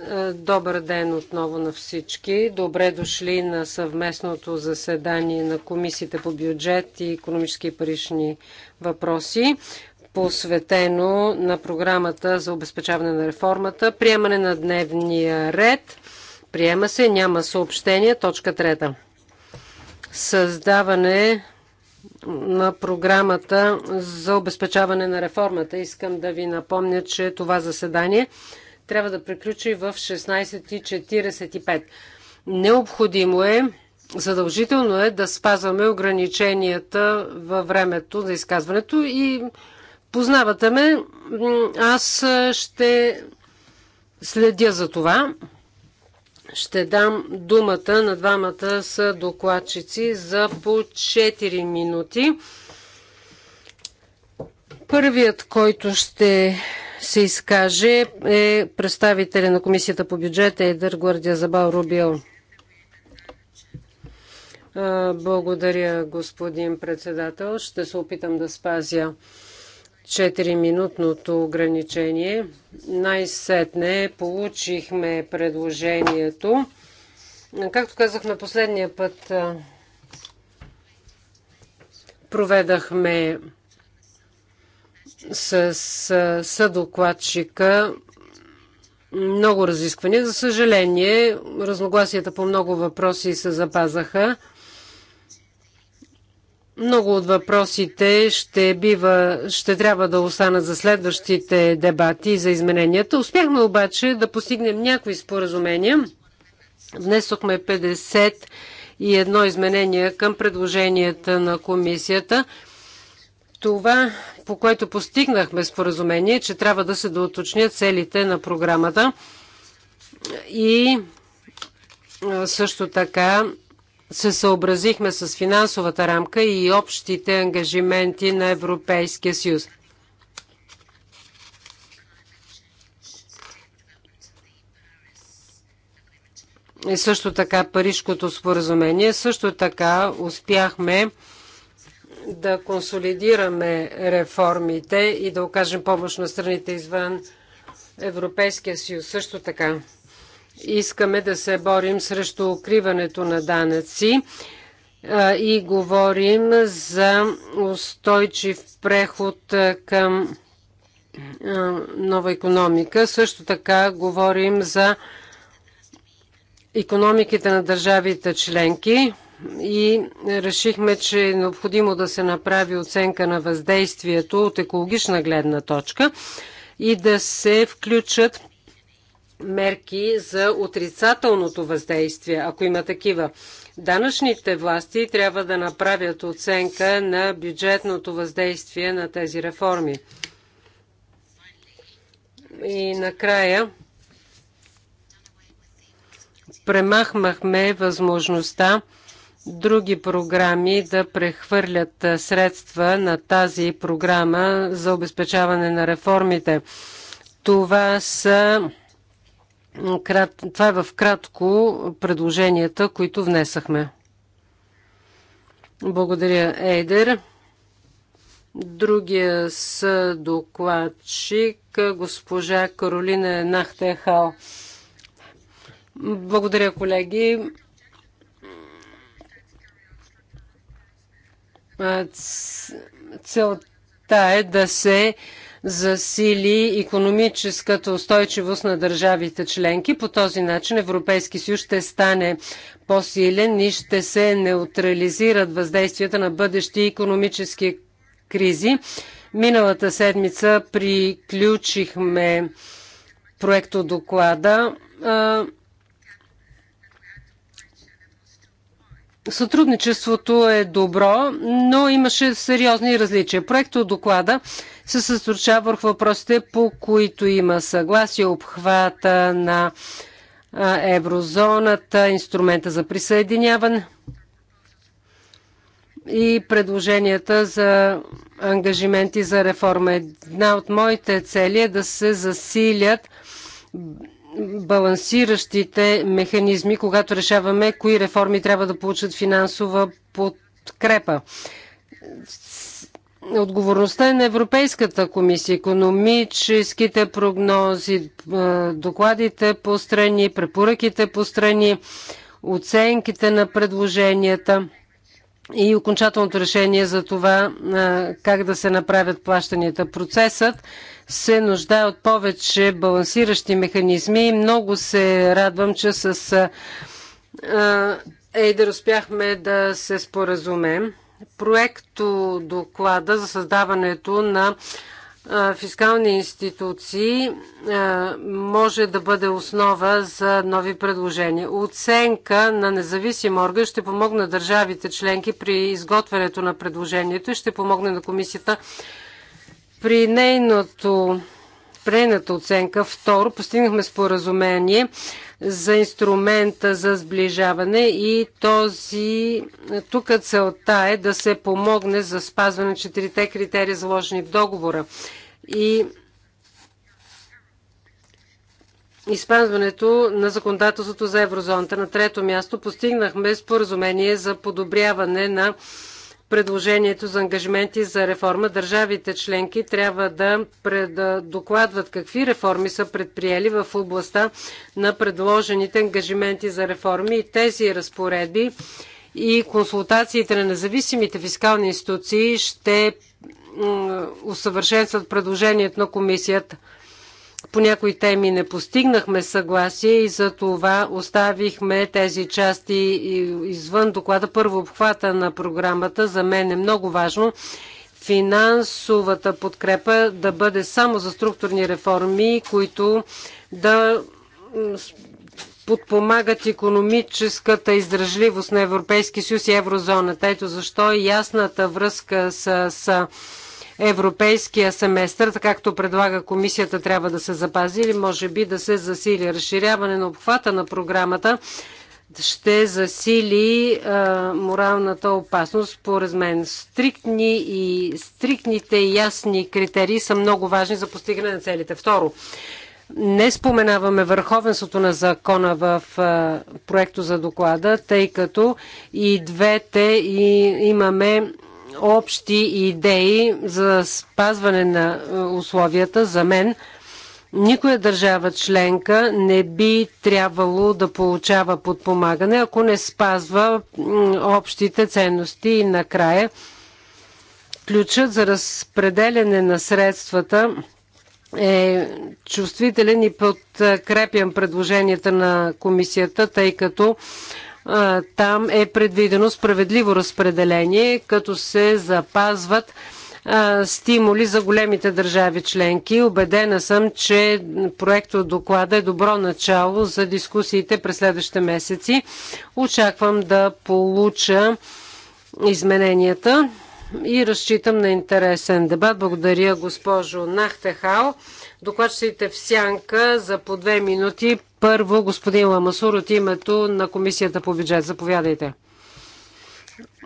Е, добър ден отново на всички. Добре дошли на съвместното заседание на Комисията по бюджет и економически и парични въпроси, посветено на програмата за обезпечаване на реформата, приемане на дневния ред. Приема се, няма съобщение. Точка трета. Създаване на програмата за обезпечаване на реформата. Искам да ви напомня, че това заседание трябва да приключи в 16.45. Необходимо е, задължително е да спазваме ограниченията във времето за изказването и познавате ме, аз ще следя за това. Ще дам думата на двамата с докладчици за по 4 минути. Първият, който ще се изкаже е представителя на Комисията по бюджета Едър Гвардия Забал Рубил. Благодаря, господин председател. Ще се опитам да спазя 4-минутното ограничение. Най-сетне получихме предложението. Както казахме последния път, проведахме с съдокладчика много разисквания. За съжаление, разногласията по много въпроси се запазаха. Много от въпросите ще, бива, ще трябва да останат за следващите дебати за измененията. Успяхме обаче да постигнем някои споразумения. Внесохме 50 и едно изменение към предложенията на комисията. Това, по което постигнахме споразумение, е, че трябва да се доуточнят целите на програмата и също така се съобразихме с финансовата рамка и общите ангажименти на Европейския съюз. И също така Парижкото споразумение. Също така успяхме да консолидираме реформите и да окажем помощ на страните извън Европейския съюз. Също така Искаме да се борим срещу укриването на данъци и говорим за устойчив преход към нова економика. Също така говорим за економиките на държавите членки и решихме, че е необходимо да се направи оценка на въздействието от екологична гледна точка и да се включат мерки за отрицателното въздействие, ако има такива. Данъчните власти трябва да направят оценка на бюджетното въздействие на тези реформи. И накрая премахмахме възможността други програми да прехвърлят средства на тази програма за обезпечаване на реформите. Това са Крат... Това е в кратко предложенията, които внесахме. Благодаря, Ейдер. Другия са докладчик, госпожа Каролина Нахтехал. Благодаря, колеги. Целта е да се засили економическата устойчивост на държавите членки. По този начин Европейски съюз ще стане по-силен и ще се неутрализират въздействията на бъдещи економически кризи. Миналата седмица приключихме проекто доклада Сътрудничеството е добро, но имаше сериозни различия. Проектът доклада се съсредоточава върху въпросите, по които има съгласие, обхвата на еврозоната, инструмента за присъединяване и предложенията за ангажименти за реформа. Една от моите цели е да се засилят балансиращите механизми, когато решаваме кои реформи трябва да получат финансова подкрепа. Отговорността е на Европейската комисия, економическите прогнози, докладите по страни, препоръките по страни, оценките на предложенията и окончателното решение за това как да се направят плащанията. Процесът се нуждае от повече балансиращи механизми. Много се радвам, че с Ейдер успяхме да се споразумем. Проекто доклада за създаването на фискални институции може да бъде основа за нови предложения. Оценка на независим орган ще помогне държавите членки при изготвянето на предложението и ще помогне на комисията при нейното Прейната оценка. Второ, постигнахме споразумение за инструмента за сближаване и този, тук целта е да се помогне за спазване на четирите критерия заложени в договора. И изпазването на законодателството за еврозоната. На трето място постигнахме споразумение за подобряване на предложението за ангажименти за реформа. Държавите членки трябва да пред... докладват какви реформи са предприели в областта на предложените ангажименти за реформи и тези разпоредби и консултациите на независимите фискални институции ще усъвършенстват предложението на комисията. По някои теми не постигнахме съгласие и за това оставихме тези части извън доклада. Първо обхвата на програмата за мен е много важно финансовата подкрепа да бъде само за структурни реформи, които да подпомагат економическата издръжливост на Европейски съюз и еврозоната. Ето защо ясната връзка с, с европейския семестър, както предлага комисията, трябва да се запази или може би да се засили. Разширяване на обхвата на програмата ще засили а, моралната опасност, според мен. Стриктни и стриктните и ясни критерии са много важни за постигане на целите. Второ, не споменаваме върховенството на закона в а, проекто за доклада, тъй като и двете и имаме общи идеи за спазване на е, условията, за мен никоя държава членка не би трябвало да получава подпомагане, ако не спазва общите ценности и накрая ключът за разпределяне на средствата е чувствителен и подкрепям предложенията на комисията, тъй като там е предвидено справедливо разпределение, като се запазват стимули за големите държави членки. Обедена съм, че проектът доклада е добро начало за дискусиите през следващите месеци. Очаквам да получа измененията и разчитам на интересен дебат. Благодаря госпожо Нахтехал докладчиците в сянка за по две минути. Първо, господин Ламасур от името на Комисията по бюджет. Заповядайте.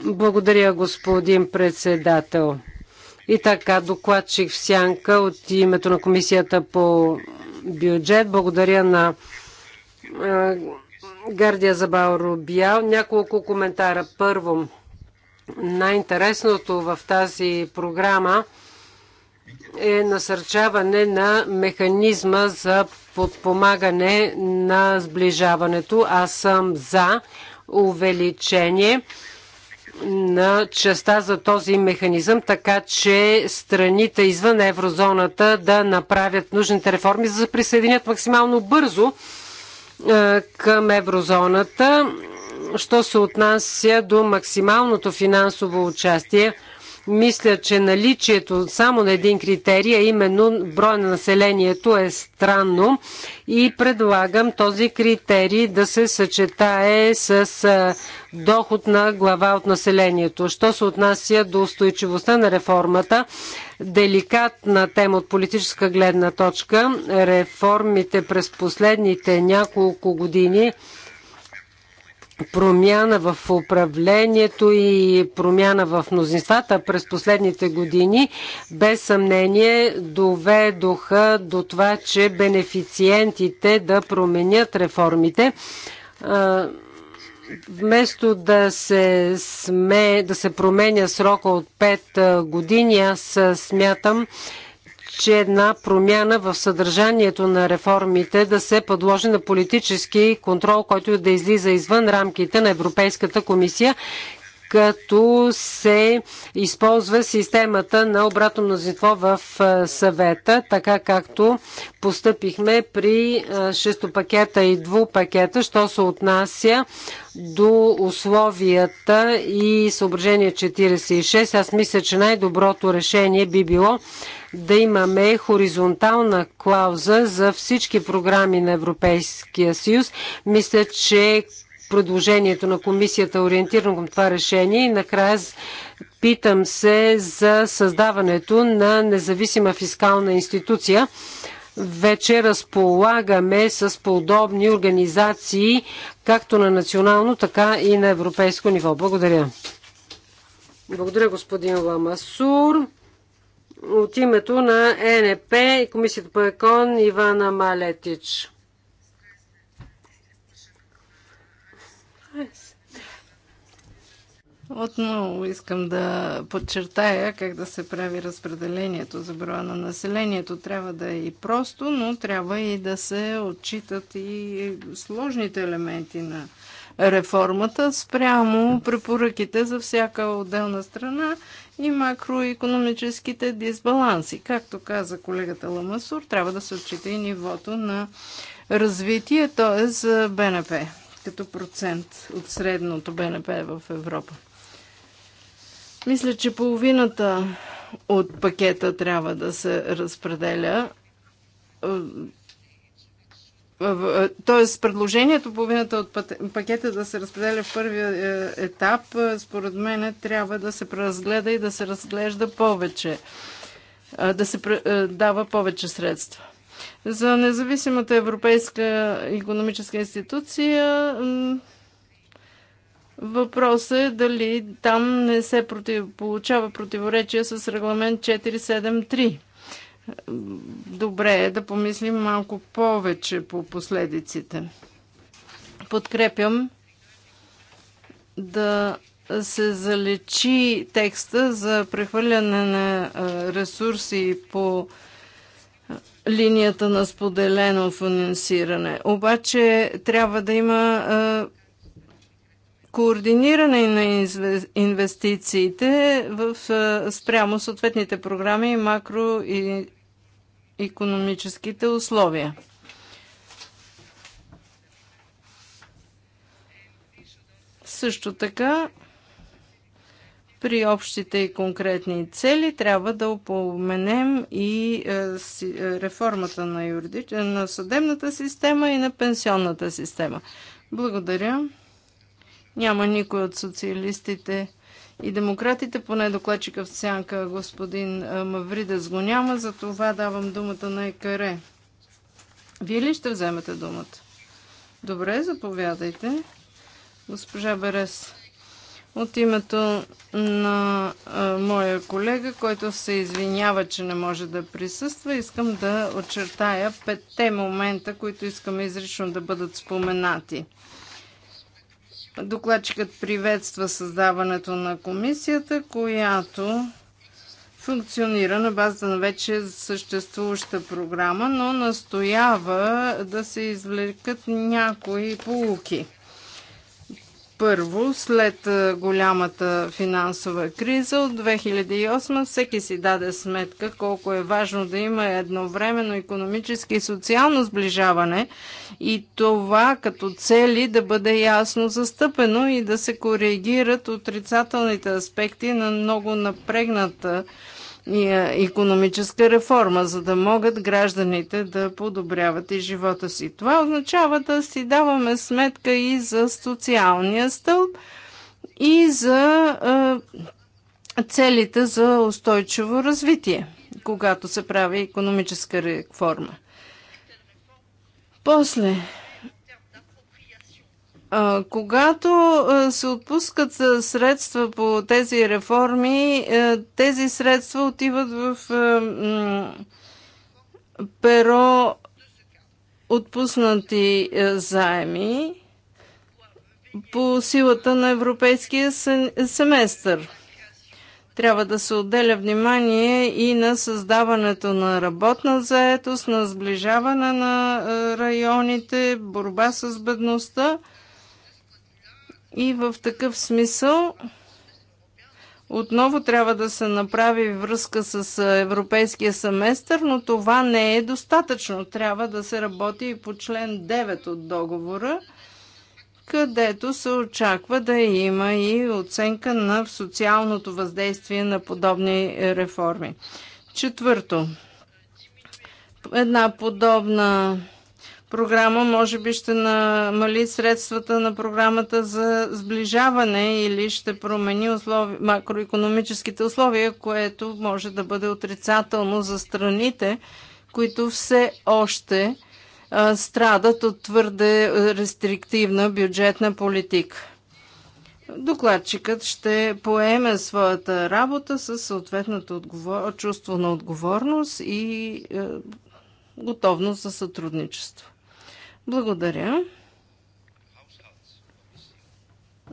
Благодаря, господин председател. И така, докладчик в сянка от името на Комисията по бюджет. Благодаря на Гардия Забал Бял. Няколко коментара. Първо, най-интересното в тази програма – е насърчаване на механизма за подпомагане на сближаването. Аз съм за увеличение на частта за този механизъм, така че страните извън еврозоната да направят нужните реформи, за да се присъединят максимално бързо е, към еврозоната. Що се отнася до максималното финансово участие, мисля, че наличието само на един критерий, а именно броя на населението е странно и предлагам този критерий да се съчетае с доход на глава от населението. Що се отнася до устойчивостта на реформата, деликатна тема от политическа гледна точка, реформите през последните няколко години – промяна в управлението и промяна в мнозинствата през последните години, без съмнение доведоха до това, че бенефициентите да променят реформите. Вместо да се, сме, да се променя срока от 5 години, аз смятам, че една промяна в съдържанието на реформите да се подложи на политически контрол, който да излиза извън рамките на Европейската комисия, като се използва системата на обратно мнозинство в съвета, така както постъпихме при шестопакета и двупакета, що се отнася до условията и съображение 46. Аз мисля, че най-доброто решение би било да имаме хоризонтална клауза за всички програми на Европейския съюз. Мисля, че предложението на комисията е ориентирано към това решение и накрая питам се за създаването на независима фискална институция. Вече разполагаме с подобни организации, както на национално, така и на европейско ниво. Благодаря. Благодаря, господин Ламасур. От името на ЕНП и Комисията по ЕКОН Ивана Малетич. Отново искам да подчертая как да се прави разпределението за броя на населението. Трябва да е и просто, но трябва и да се отчитат и сложните елементи на реформата спрямо препоръките за всяка отделна страна и макроекономическите дисбаланси. Както каза колегата Ламасур, трябва да се отчита и нивото на развитие, т.е. БНП като процент от средното БНП в Европа. Мисля, че половината от пакета трябва да се разпределя. Е, е, тоест, предложението половината от пакета да се разпределя в първия е, етап, според мен, трябва да се преразгледа и да се разглежда повече, да се дава повече средства. За независимата европейска економическа институция Въпросът е дали там не се против... получава противоречие с регламент 473. Добре е да помислим малко повече по последиците. Подкрепям да се залечи текста за прехвърляне на ресурси по линията на споделено финансиране. Обаче трябва да има координиране на инвестициите в, спрямо съответните програми и макро и економическите условия. Също така, при общите и конкретни цели трябва да упоменем и реформата на, юридич... на съдебната система и на пенсионната система. Благодаря. Няма никой от социалистите и демократите, поне докладчика в сянка господин Мавридес го няма, за това давам думата на Екаре. Вие ли ще вземете думата? Добре, заповядайте. Госпожа Берес, от името на а, моя колега, който се извинява, че не може да присъства, искам да очертая петте момента, които искаме изрично да бъдат споменати – Докладчикът приветства създаването на комисията, която функционира на база на вече съществуваща програма, но настоява да се извлекат някои полуки – първо, след голямата финансова криза от 2008 всеки си даде сметка колко е важно да има едновременно економически и социално сближаване и това като цели да бъде ясно застъпено и да се коригират отрицателните аспекти на много напрегната економическа реформа, за да могат гражданите да подобряват и живота си. Това означава да си даваме сметка и за социалния стълб, и за целите за устойчиво развитие, когато се прави економическа реформа. После, когато се отпускат средства по тези реформи, е, тези средства отиват в е, перо отпуснати е, заеми по силата на европейския семестър. Трябва да се отделя внимание и на създаването на работна заетост, на сближаване на районите, борба с бедността – и в такъв смисъл отново трябва да се направи връзка с европейския семестър, но това не е достатъчно. Трябва да се работи и по член 9 от договора, където се очаква да има и оценка на социалното въздействие на подобни е, реформи. Четвърто, една подобна програма може би ще намали средствата на програмата за сближаване или ще промени услови, макроекономическите условия, което може да бъде отрицателно за страните, които все още а, страдат от твърде рестриктивна бюджетна политика. Докладчикът ще поеме своята работа с съответното отговор... чувство на отговорност и е, готовност за сътрудничество. Благодаря.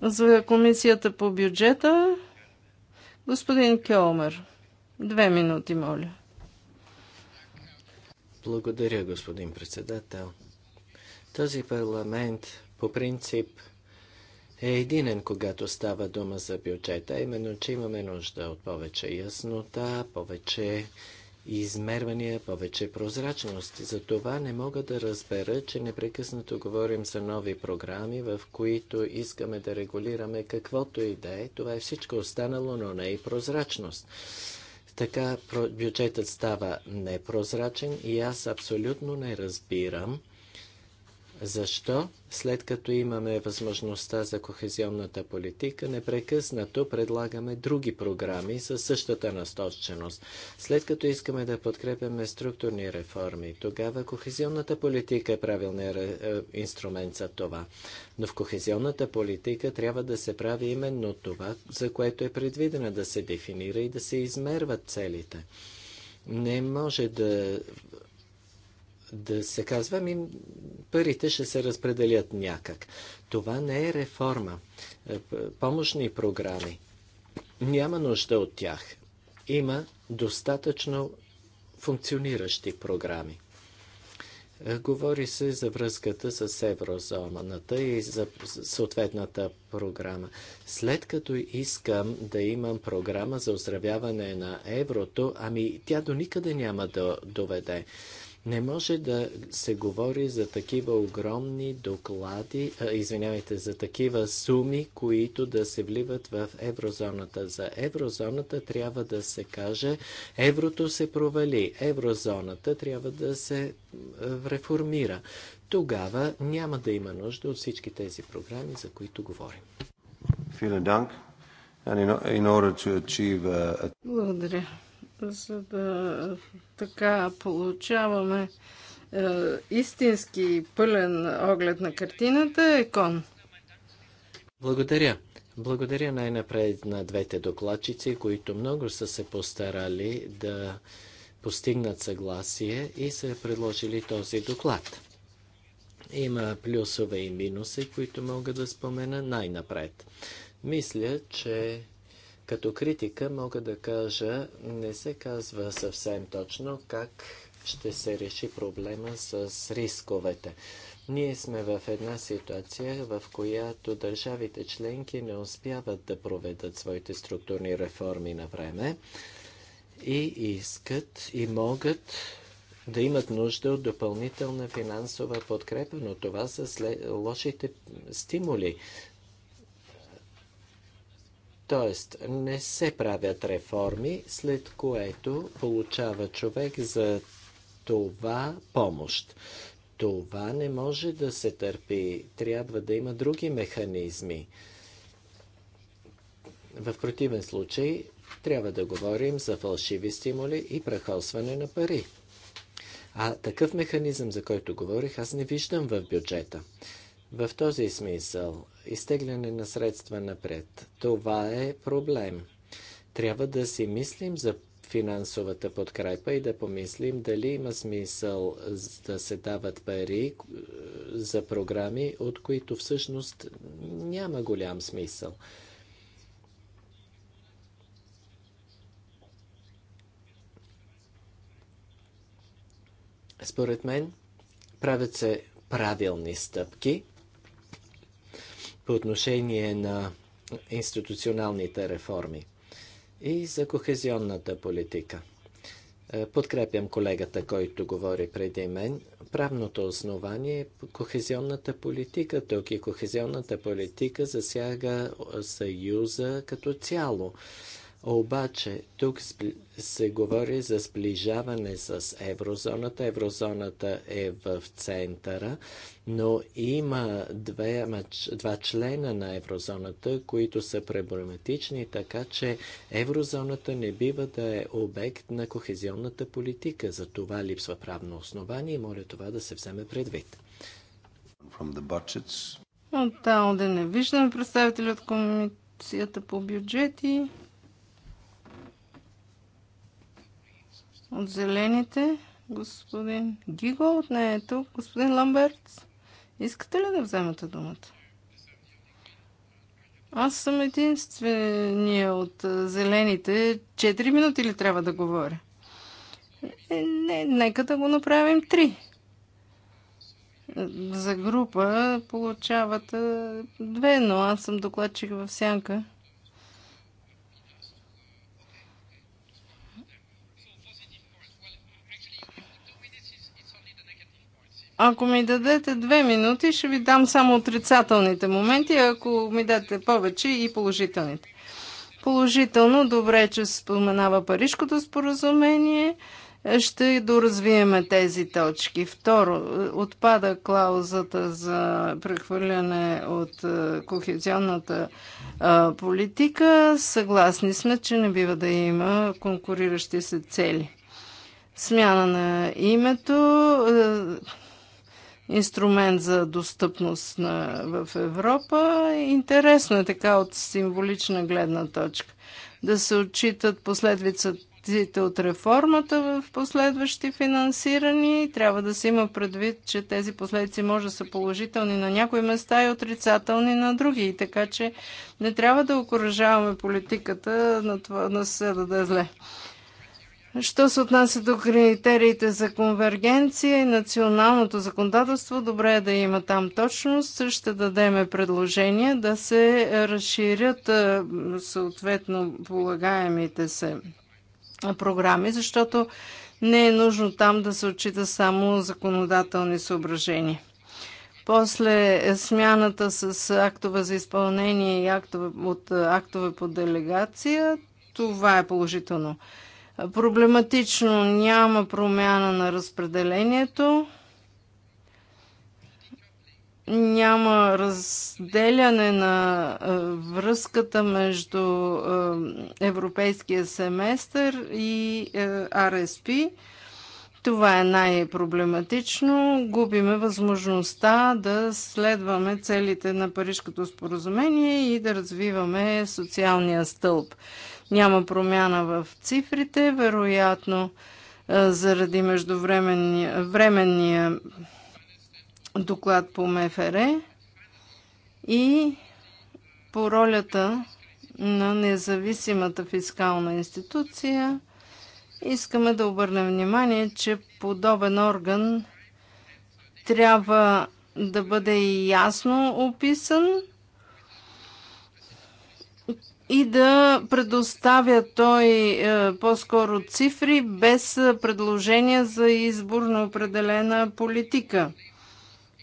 За комисията по бюджета, господин Келмер, Две минути, моля. Благодаря, господин председател. Този парламент по принцип е единен, когато става дума за бюджета, именно, че имаме нужда от повече яснота, повече измервания, повече прозрачност. Затова не мога да разбера, че непрекъснато говорим за нови програми, в които искаме да регулираме каквото и да е. Това е всичко останало, но не и прозрачност. Така бюджетът става непрозрачен и аз абсолютно не разбирам защо, след като имаме възможността за кохезионната политика, непрекъснато предлагаме други програми със същата насточеност? След като искаме да подкрепяме структурни реформи, тогава кохезионната политика е правилният е, инструмент за това. Но в кохезионната политика трябва да се прави именно това, за което е предвидена да се дефинира и да се измерват целите. Не може да да се казва, ми парите ще се разпределят някак. Това не е реформа. Е, помощни програми. Няма нужда от тях. Има достатъчно функциониращи програми. Е, говори се за връзката с еврозоната и за съответната програма. След като искам да имам програма за оздравяване на еврото, ами тя до никъде няма да доведе. Не може да се говори за такива огромни доклади, а, извинявайте, за такива суми, които да се вливат в еврозоната. За еврозоната трябва да се каже, еврото се провали, еврозоната трябва да се реформира. Тогава няма да има нужда от всички тези програми, за които говорим. Uh, Благодаря за да така получаваме е, истински пълен оглед на картината е кон. Благодаря. Благодаря най-напред на двете докладчици, които много са се постарали да постигнат съгласие и са предложили този доклад. Има плюсове и минуси, които мога да спомена най-напред. Мисля, че като критика мога да кажа, не се казва съвсем точно как ще се реши проблема с рисковете. Ние сме в една ситуация, в която държавите членки не успяват да проведат своите структурни реформи на време и искат и могат да имат нужда от допълнителна финансова подкрепа, но това са след... лошите стимули. Тоест, не се правят реформи, след което получава човек за това помощ. Това не може да се търпи. Трябва да има други механизми. В противен случай трябва да говорим за фалшиви стимули и прахосване на пари. А такъв механизъм, за който говорих, аз не виждам в бюджета. В този смисъл изтегляне на средства напред. Това е проблем. Трябва да си мислим за финансовата подкрепа и да помислим дали има смисъл да се дават пари е, за програми, от които всъщност няма голям смисъл. Според мен правят се правилни стъпки, по отношение на институционалните реформи и за кохезионната политика. Е, подкрепям колегата, който говори преди мен. Правното основание е кохезионната политика. Тук и кохезионната политика засяга е, Съюза като цяло. Обаче тук се говори за сближаване с еврозоната. Еврозоната е в центъра, но има две, два члена на еврозоната, които са проблематични, така че еврозоната не бива да е обект на кохезионната политика. За това липсва правно основание и моля това да се вземе предвид. От там да не виждаме представители от комисията по бюджети. От зелените господин от нея е тук. Господин Ламберт, искате ли да вземете думата? Аз съм единствения от зелените. Четири минути ли трябва да говоря? Е, не, нека да го направим три. За група получавате две, но аз съм докладчик в сянка. Ако ми дадете две минути, ще ви дам само отрицателните моменти, ако ми дадете повече и положителните. Положително, добре, че споменава Парижкото споразумение. Ще доразвиеме тези точки. Второ, отпада клаузата за прехвърляне от е, кохезионната е, политика. Съгласни сме, че не бива да има конкуриращи се цели. Смяна на името е, инструмент за достъпност на, в Европа. Интересно е така от символична гледна точка да се отчитат последвиците от реформата в последващи финансирани. Трябва да се има предвид, че тези последици може да са положителни на някои места и отрицателни на други. Така че не трябва да окоръжаваме политиката на това да се даде зле. Що се отнася до критериите за конвергенция и националното законодателство, добре е да има там точност. Ще дадеме предложение да се разширят е, съответно полагаемите се програми, защото не е нужно там да се отчита само законодателни съображения. После е смяната с актове за изпълнение и актове, от актове по делегация, това е положително. Проблематично няма промяна на разпределението. Няма разделяне на връзката между европейския семестър и РСП. Това е най-проблематично. Губиме възможността да следваме целите на Парижкото споразумение и да развиваме социалния стълб. Няма промяна в цифрите, вероятно заради междувременния временния доклад по МФР и по ролята на независимата фискална институция. Искаме да обърнем внимание, че подобен орган трябва да бъде ясно описан, и да предоставя той е, по-скоро цифри без е, предложения за избор на определена политика.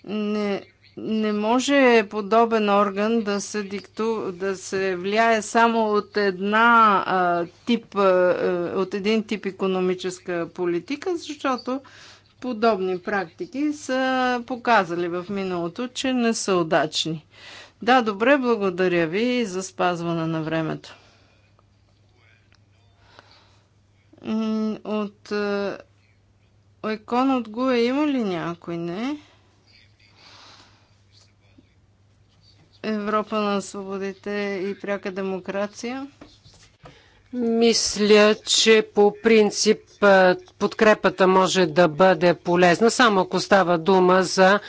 Не, не може подобен орган да се, дикту, да се влияе само от, една, а, е, тип, а, от един тип економическа политика, защото подобни практики са показали в миналото, че не са удачни. Да, добре, благодаря ви за спазване на времето. От Ойкон е, от Гуе има ли някой? Не. Европа на свободите и пряка демокрация. Мисля, че по принцип подкрепата може да бъде полезна, само ако става дума за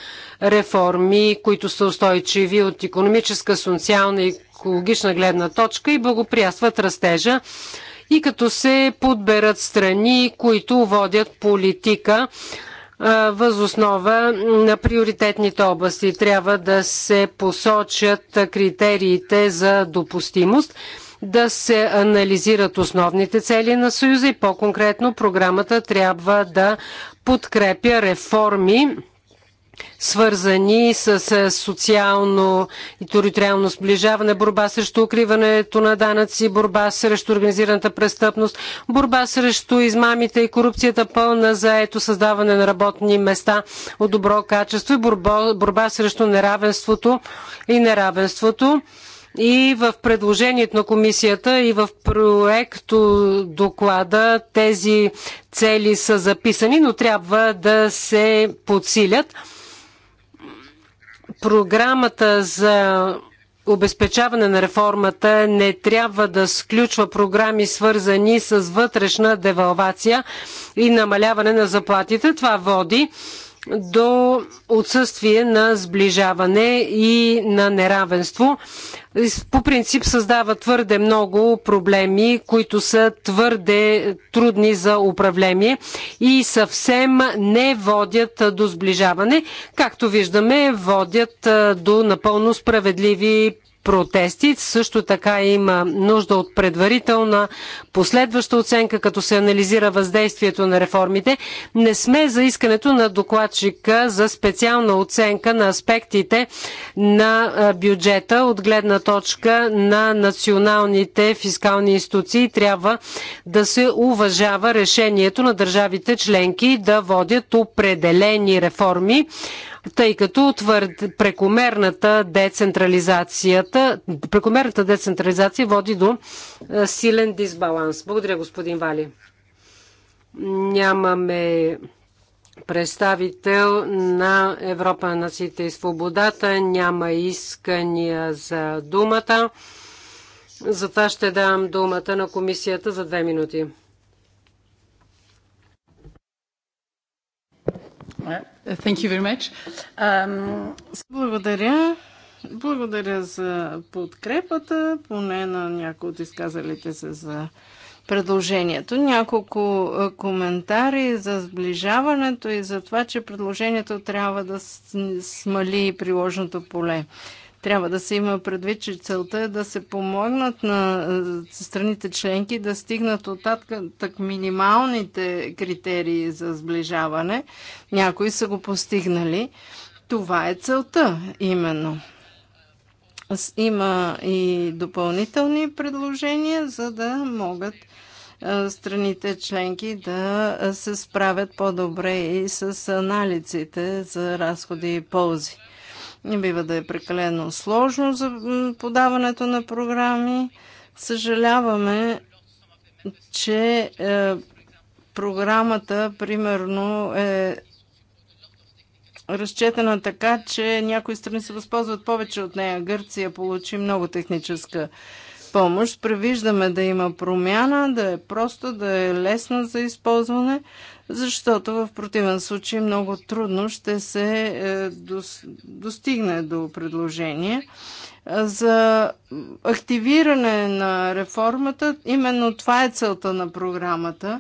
реформи, които са устойчиви от економическа, социална и екологична гледна точка и благоприятстват растежа и като се подберат страни, които водят политика възоснова на приоритетните области. Трябва да се посочат критериите за допустимост – да се анализират основните цели на Съюза и по-конкретно програмата трябва да подкрепя реформи, свързани с социално и териториално сближаване, борба срещу укриването на данъци, борба срещу организираната престъпност, борба срещу измамите и корупцията, пълна заето създаване на работни места от добро качество и борба, борба срещу неравенството и неравенството. И в предложението на комисията и в проекто доклада тези цели са записани, но трябва да се подсилят. Програмата за обезпечаване на реформата не трябва да сключва програми свързани с вътрешна девалвация и намаляване на заплатите. Това води до отсъствие на сближаване и на неравенство. По принцип създава твърде много проблеми, които са твърде трудни за управление и съвсем не водят до сближаване. Както виждаме, водят до напълно справедливи протести. Също така има нужда от предварителна последваща оценка, като се анализира въздействието на реформите. Не сме за искането на докладчика за специална оценка на аспектите на бюджета от гледна точка на националните фискални институции. Трябва да се уважава решението на държавите членки да водят определени реформи тъй като твърд, прекомерната децентрализацията, прекомерната децентрализация води до е, силен дисбаланс. Благодаря, господин Вали. Нямаме представител на Европа на сите и свободата. Няма искания за думата. Затова ще дам думата на комисията за две минути. Thank you very much. Um... Благодаря. Благодаря за подкрепата, поне на някои от изказалите се за предложението. Няколко е, коментари за сближаването и за това, че предложението трябва да смали приложното поле. Трябва да се има предвид, че целта е да се помогнат на е, страните членки да стигнат от так минималните критерии за сближаване. Някои са го постигнали. Това е целта именно. Има и допълнителни предложения, за да могат е, страните членки да е, се справят по-добре и с анализите за разходи и ползи. Не бива да е прекалено сложно за подаването на програми. Съжаляваме, че е, програмата, примерно, е разчетена така, че някои страни се възползват повече от нея. Гърция получи много техническа помощ. Превиждаме да има промяна, да е просто, да е лесна за използване, защото в противен случай много трудно ще се е, достигне до предложение. За активиране на реформата, именно това е целта на програмата.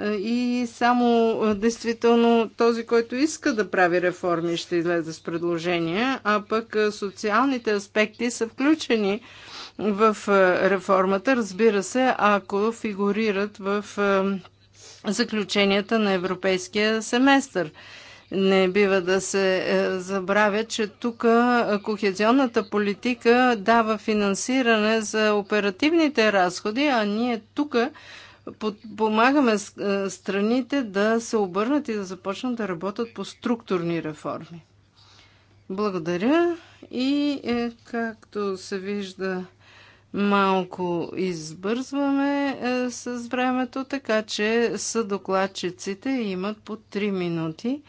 Е, и само е, действително този, който иска да прави реформи, ще излезе с предложения, а пък социалните аспекти са включени в е, реформата, разбира се, ако фигурират в е, заключенията на европейския семестър. Не бива да се е, забравя, че тук кохезионната политика дава финансиране за оперативните разходи, а ние тук помагаме страните да се обърнат и да започнат да работят по структурни реформи. Благодаря и както се вижда Малко избързваме е, с времето, така че съдокладчиците имат по 3 минути.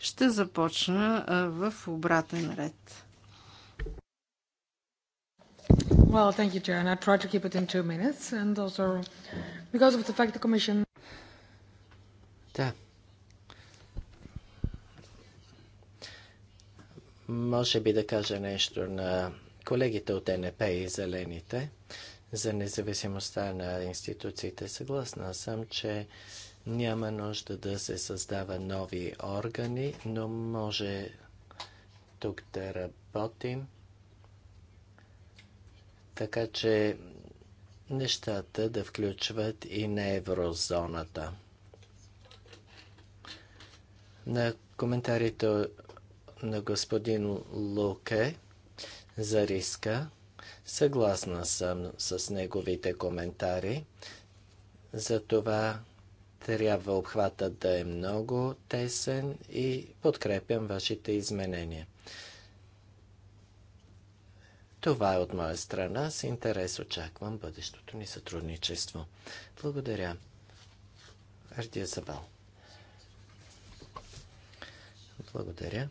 Ще започна е, в обратен ред. Well, thank you, Chair. I try to keep it in two minutes, and also because of the fact the Commission. Да. Може би да кажа нещо на Колегите от НП и Зелените за независимостта на институциите съгласна съм, че няма нужда да се създава нови органи, но може тук да работим. Така че нещата да включват и на еврозоната. На коментарите на господин Луке за риска. Съгласна съм с неговите коментари. За това трябва обхватът да е много тесен и подкрепям вашите изменения. Това е от моя страна. С интерес очаквам бъдещото ни сътрудничество. Благодаря. Ардия Забал. Благодаря.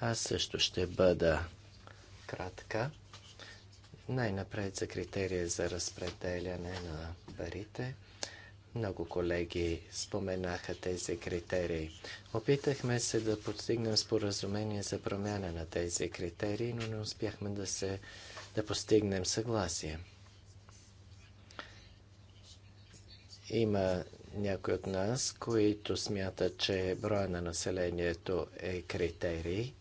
Аз също ще бъда кратка. Най-напред за критерия за разпределяне на парите. Много колеги споменаха тези критерии. Опитахме се да постигнем споразумение за промяна на тези критерии, но не успяхме да, се, да постигнем съгласие. Има някои от нас, които смятат, че броя на населението е критерий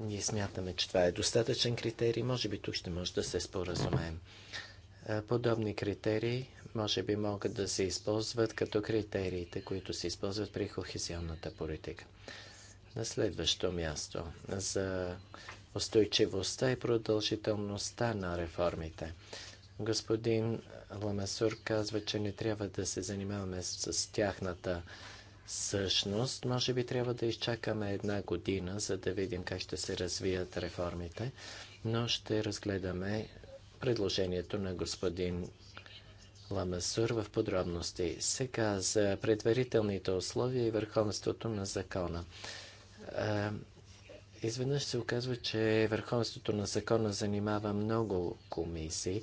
ние смятаме, че това е достатъчен критерий. Може би тук ще може да се споразумеем. Подобни критерии може би могат да се използват като критериите, които се използват при кохезионната политика. На следващо място за устойчивостта и продължителността на реформите. Господин Ламасур казва, че не трябва да се занимаваме с тяхната Същност, може би трябва да изчакаме една година, за да видим как ще се развият реформите, но ще разгледаме предложението на господин Ламасур в подробности. Сега за предварителните условия и върховенството на закона. Изведнъж се оказва, че върховенството на закона занимава много комисии.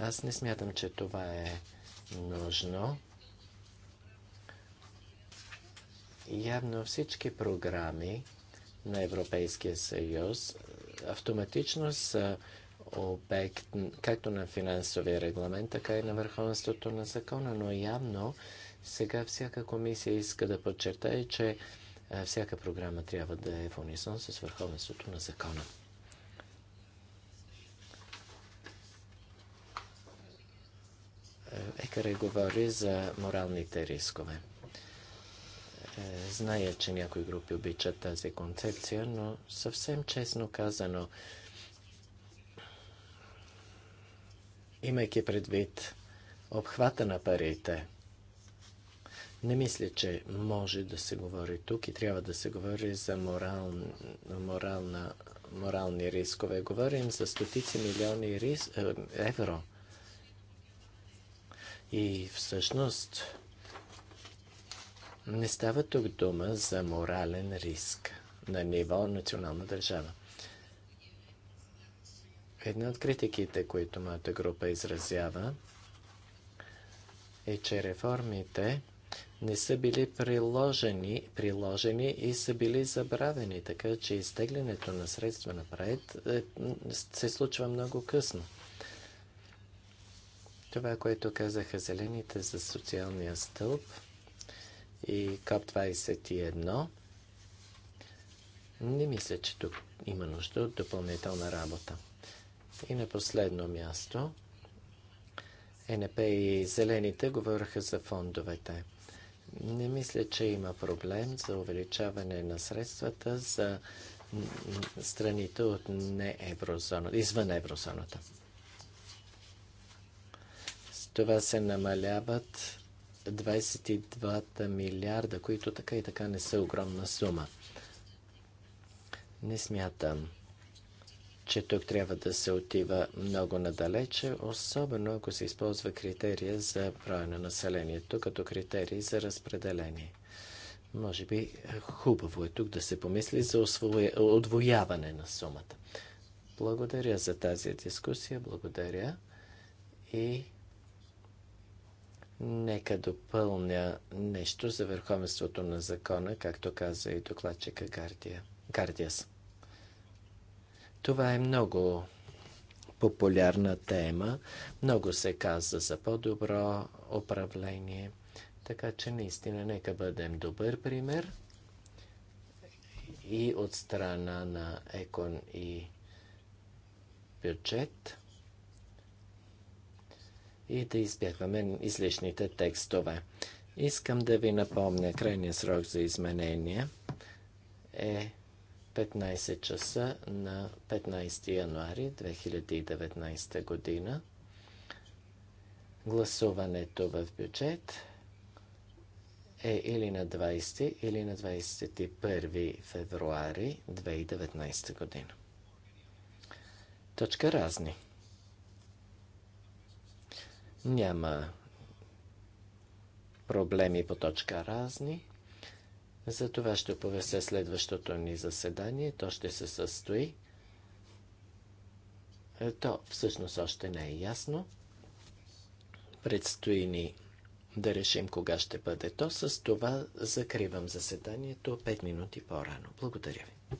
Аз не смятам, че това е нужно. Явно всички програми на Европейския съюз е, автоматично са обект както на финансовия регламент, така и на върховенството на закона, но явно сега всяка комисия иска да подчертае, че е, всяка програма трябва да е в унисон с върховенството на закона. Е, Екаре говори за моралните рискове. Е, зная, че някои групи обичат тази концепция, но съвсем честно казано, имайки предвид обхвата на парите, не мисля, че може да се говори тук и трябва да се говори за морал, морална, морални рискове. Говорим за стотици милиони рис, е, евро. И всъщност не става тук дума за морален риск на ниво национална държава. Една от критиките, които моята група изразява, е, че реформите не са били приложени, приложени и са били забравени, така че изтеглянето на средства напред е, се случва много късно. Това, което казаха зелените за социалния стълб – и КАП-21. Не мисля, че тук има нужда от допълнителна работа. И на последно място, НП и Зелените говориха за фондовете. Не мисля, че има проблем за увеличаване на средствата за страните от не еврозона, извън еврозоната. С това се намаляват 22 милиарда, които така и така не са огромна сума. Не смятам, че тук трябва да се отива много надалече, особено ако се използва критерия за броя на населението като критерий за разпределение. Може би е, хубаво е тук да се помисли за отвояване на сумата. Благодаря за тази дискусия, благодаря и Нека допълня нещо за върховенството на закона, както каза и докладчика Гардия. Гардиас. Това е много популярна тема. Много се каза за по-добро управление. Така че наистина нека бъдем добър пример и от страна на Екон и бюджет – и да избягваме излишните текстове. Искам да ви напомня, крайният срок за изменение е 15 часа на 15 януари 2019 година. Гласуването в бюджет е или на 20 или на 21 февруари 2019 година. Точка разни. Няма проблеми по точка разни. За това ще повесе следващото ни заседание. То ще се състои. Е, то всъщност още не е ясно. Предстои ни да решим кога ще бъде то. С това закривам заседанието 5 минути по-рано. Благодаря ви.